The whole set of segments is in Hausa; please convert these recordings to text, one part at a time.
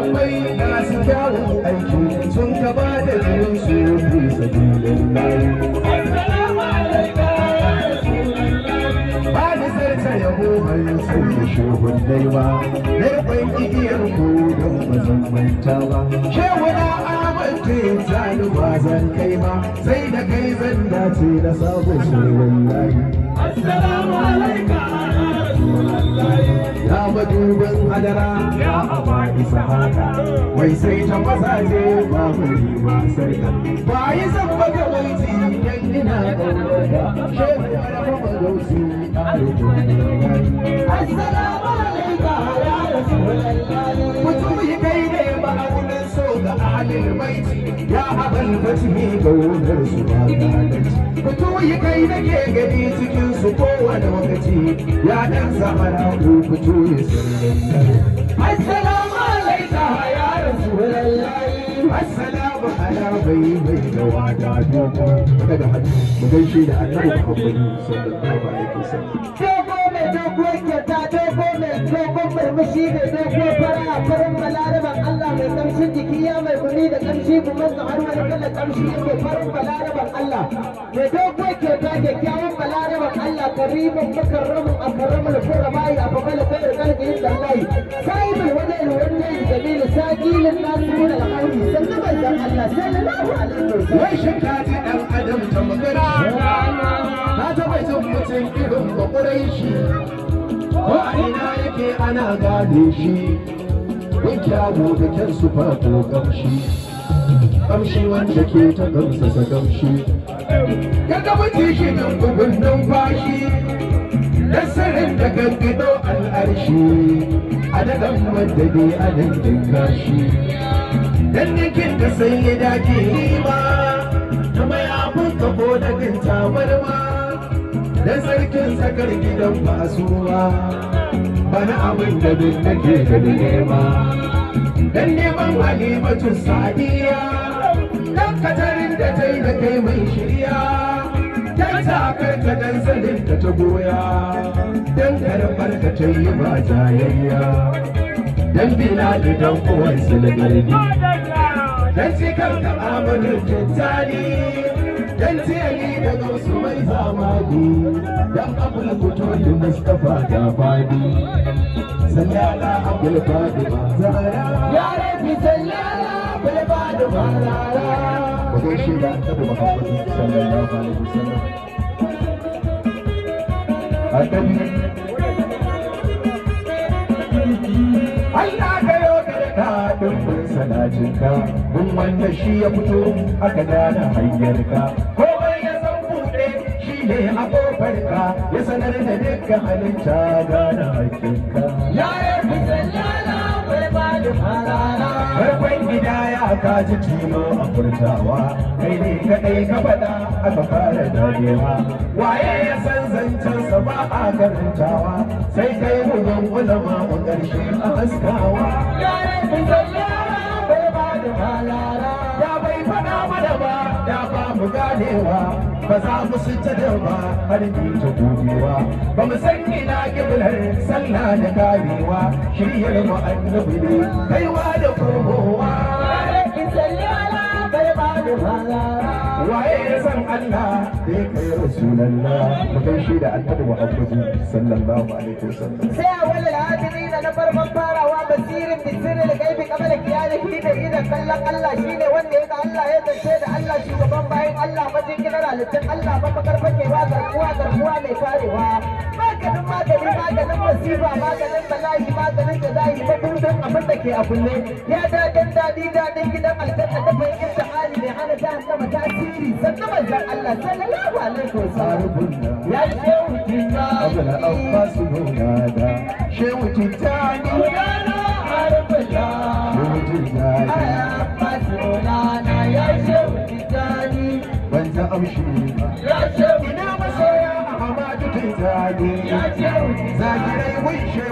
akwai masu kyawun aiki sun ka ba da jinin su fi sabilin layi. Ba da sarta yabo bai sai da shehun daiwa, laifin igiyar ko don bazan manta ba. Shehuna amince zani ba zan kai ba, sai da kai zan dace da sabon shehun layi. Assalamu alaikum. ya madubin hadara ya aba isa haka wai sai ta mazaje ba bari ba sarka ba yi san baka wai ji dan ina kaurata shekara ba magausu a rukun assalamu alaikum ya rasulullahi ya abal fatimi gaunar su ba gadanci fito yi kai nake gani cikin su kowane lokaci ya dan zamana ku fito yi sallallahu assalamu alaika ya rasulullahi assalamu ala bai bai da wada doko daga hannu mu gaishe da annabi Muhammad sallallahu alaihi wasallam doguwar kyauta doko mai dogon murmushi mai doko fara farin balaraban Allah mai kamshin jiki ya mai guni da kamshi kuma su har wani kala kamshi yake farin balaraban Allah mai doguwar kyauta kyakkyawan balaraban Allah karimin makarramin a karramin kurramai a fagal kayar kalbi da Allah sahibul wadai wannan jamilu sakilin nasirul alhamdi sannan da Allah sallallahu alaihi wasallam wai shakka ta dan adam tamkara Na ta bai son mutum irin shi. ko a ina yake ana gane shi Wai kyawu da kyan su ko gamshi gamshi wanda ke ta gamsa ta gamshi kaga mutum shi nan bugun numfashi nasarar da gangado al'arshi a daɗan wanda bai a dangin gashi dan nikin da sai ya dace ma ta mayafin kafo da gin tabarma da sarkin sakar gidan fasuwa bana abin da duk nake da nema dan neman halimatu sadiya lokacin da ta yi da kai mai shirya ta sakar karka dan sanin ka ta goya dan karɓar ka ta yi ba jayayya dan bila da dan uwansu na garbi dan cikar ka amanin tattali dan sai da gamsu mai zamani dan abul kutubi mustafa da fadi sallala abul fadi zahara ya rabbi sallala abul fadi zahara wajen shi da annabi muhammad sallallahu alaihi wasallam annabi Allah ga yau da ta dubu talatinka mun wanda shi ya fito aka gane hanyarka komai ya san buɗe shi ne a ka ya sanar da dukkan halitta gane hakinka ya yi lala bai ba da farara farkon gida ya ka ji kima a furtawa kai ne kaɗai ka faɗa aka fara darewa waye ya san zancensa ba a karantawa sai kai bugun ulama a ƙarshe a haskawa ya yi da bai fada mana ba da ba mu ganewa ba za mu da ba har ni ta gobewa ba mu san ina kiblar sallah da kamewa shiryar mu annabi kaiwa da komowa Allah da kai Rasulallah mu gaishe da Annabi Muhammad sallallahu alaihi wasallam sai awal al-hadirin na na farkon farawa basirin bisirin al da qabla qiyamihi da idan kallon Allah shi ne wanda ya ga Allah ya zance da Allah shugaban bayan Allah majikinar halittun Allah ba makarfakewa garkuwa garkuwa mai karewa maganin magani maganin masifa maganin bala'i maganin da za'i mabudan abin da ke a kulle. ya daɗin daɗi daɗin gidan aljanna da fahimta ana ta gama tasiri sannan manzon Allah sallallahu alaihi wasallam ya yi yau dinna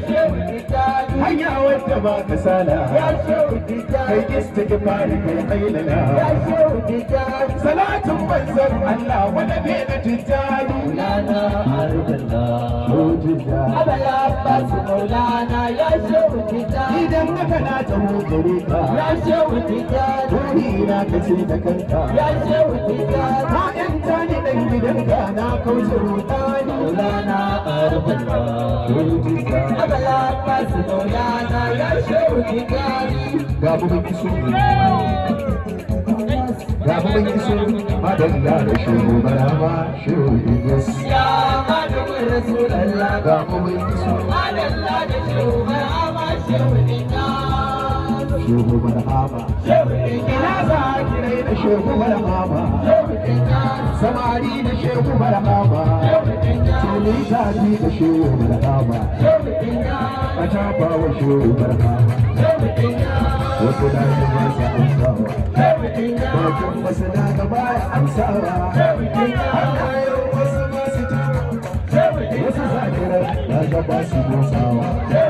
ya ce hanya ba kasala kai istighfari kai kailala ya shehu tijani salatin manzon Allah wani ne na tijani maulana arudallah abala basu maulana ya shehu tijani idan haka na taho gare ka ya shehu tijani duni na kace da kanka ya shehu tijani na yanta ni dan gidanka na kauce rudani maulana arudallah abala basu maulana ya shehu tijani ga mun iso ga mun iso madalla da shehu marama shehu idris ya madu rasulallah ga mun iso madalla da shehu marama shehu idris shehu marama shehu idris da shehu marhaba samari da shehu marhaba tuni zafi da shehu marhaba a tafa wa shehu marhaba wasu na da ba sa amsawa bakon wasu na da ba ya amsawa haka yau wasu ba su tafi wasu zakirar na da ba su musawa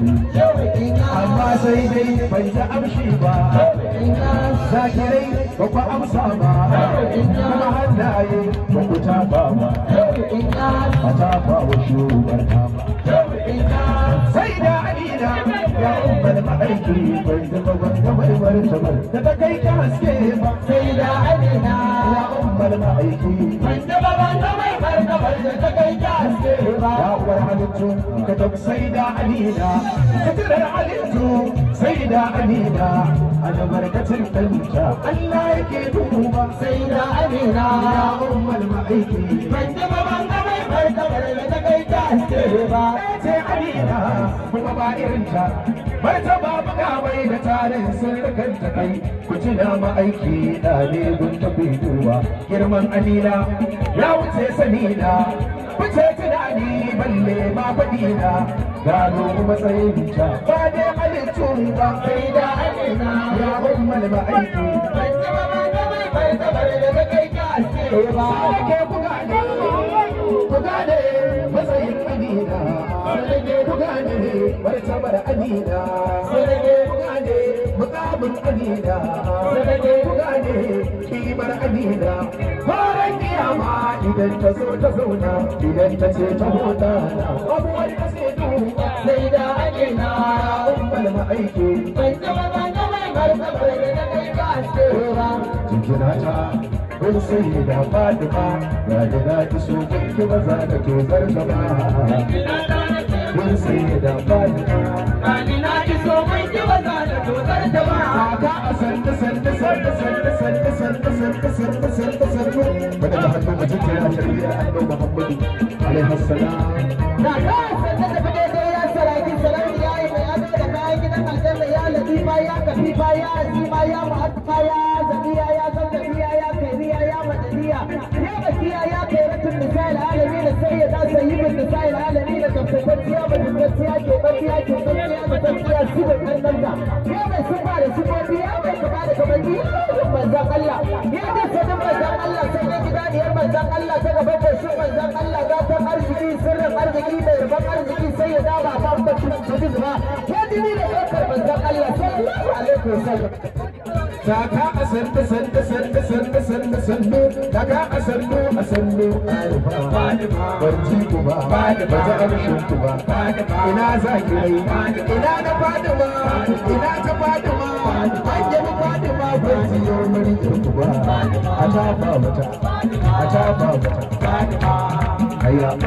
amma sai dai bai ta amshi ba zakirai ba ku amsa ba kuma hannaye ba ku tafa ba a tafa wa shugabar ta ba sai da amina ya umar ma'aiki bai zama wanda bai martabar da ta kai ta haske ba sai da amina ya umar ma'aiki bai zama wanda bai da ta kai ta ba ya uwar halittu ta sai da alida fitilar halittu sai da alida albarkacin kanta Allah yake duba sai da alida ya ummul ma'aiki ban da ban da mai barka da ta kai ta ba ce alida kuma ba irin ta Mai Marta babu kawai da tarin sirrikan ta kai ku ci da ma'aiki da ne gun tafi duba girman alila ya wuce sani na wuce tunani balle ma faɗi na gano matsayin ta ba ne halittun ba kai da alina ya ummal ma'aiki ban ba ta bai bai da kai ka ce ba ke ku gane ku gane martabar Amina. sadake kugane mukamin adina sadake kugane kimar adina horon kiyama idan ta so ta zauna idan ta ce ta hota abuwar ta sai duhu sai da adina ummar ma'aiki ban zama ban zama martabar da na kai ka aske ba jikina ta kun sai da fatima ga da na ki so kin ki maza ka tozar gaba jikina ta mun sai da bani bani na iso mun ki baza da dokar jama'a ka a sanda sanda sanda sanda sanda sanda sanda sanda sanda sanda bada da hannu a cikin yana tarbiyyar annabi Muhammadu alaihi salam Na ka sanda da fide da ya saraki sarau ya yi mai adana da kayan gidan aljanna ya latifa ya kafifa ya azima ya mu'affa ya kamar ke kamar biya mai tafiya su da kallon ya mai sufa da sufofi ya mai kama da kamar biya manzan Allah ya ce sanin manzan Allah sai ya gida diyar manzan Allah ta gaban sun manzan Allah gatan arziki sirrin arziki mai rabon arziki sai ya dama ba ba cikin ba ya dini da ɗaukar manzan Allah sallallahu alaihi wasallam. Saka a sanda sanda sanda sanda sanda sanda kaga a sannu a sannu bar ku ba ba ta amshin ku ba ina za ki yi? ina na fadima ina ta fadima an yabi ma bar jiyo mulkin ku ba a tafa mata a tafa mata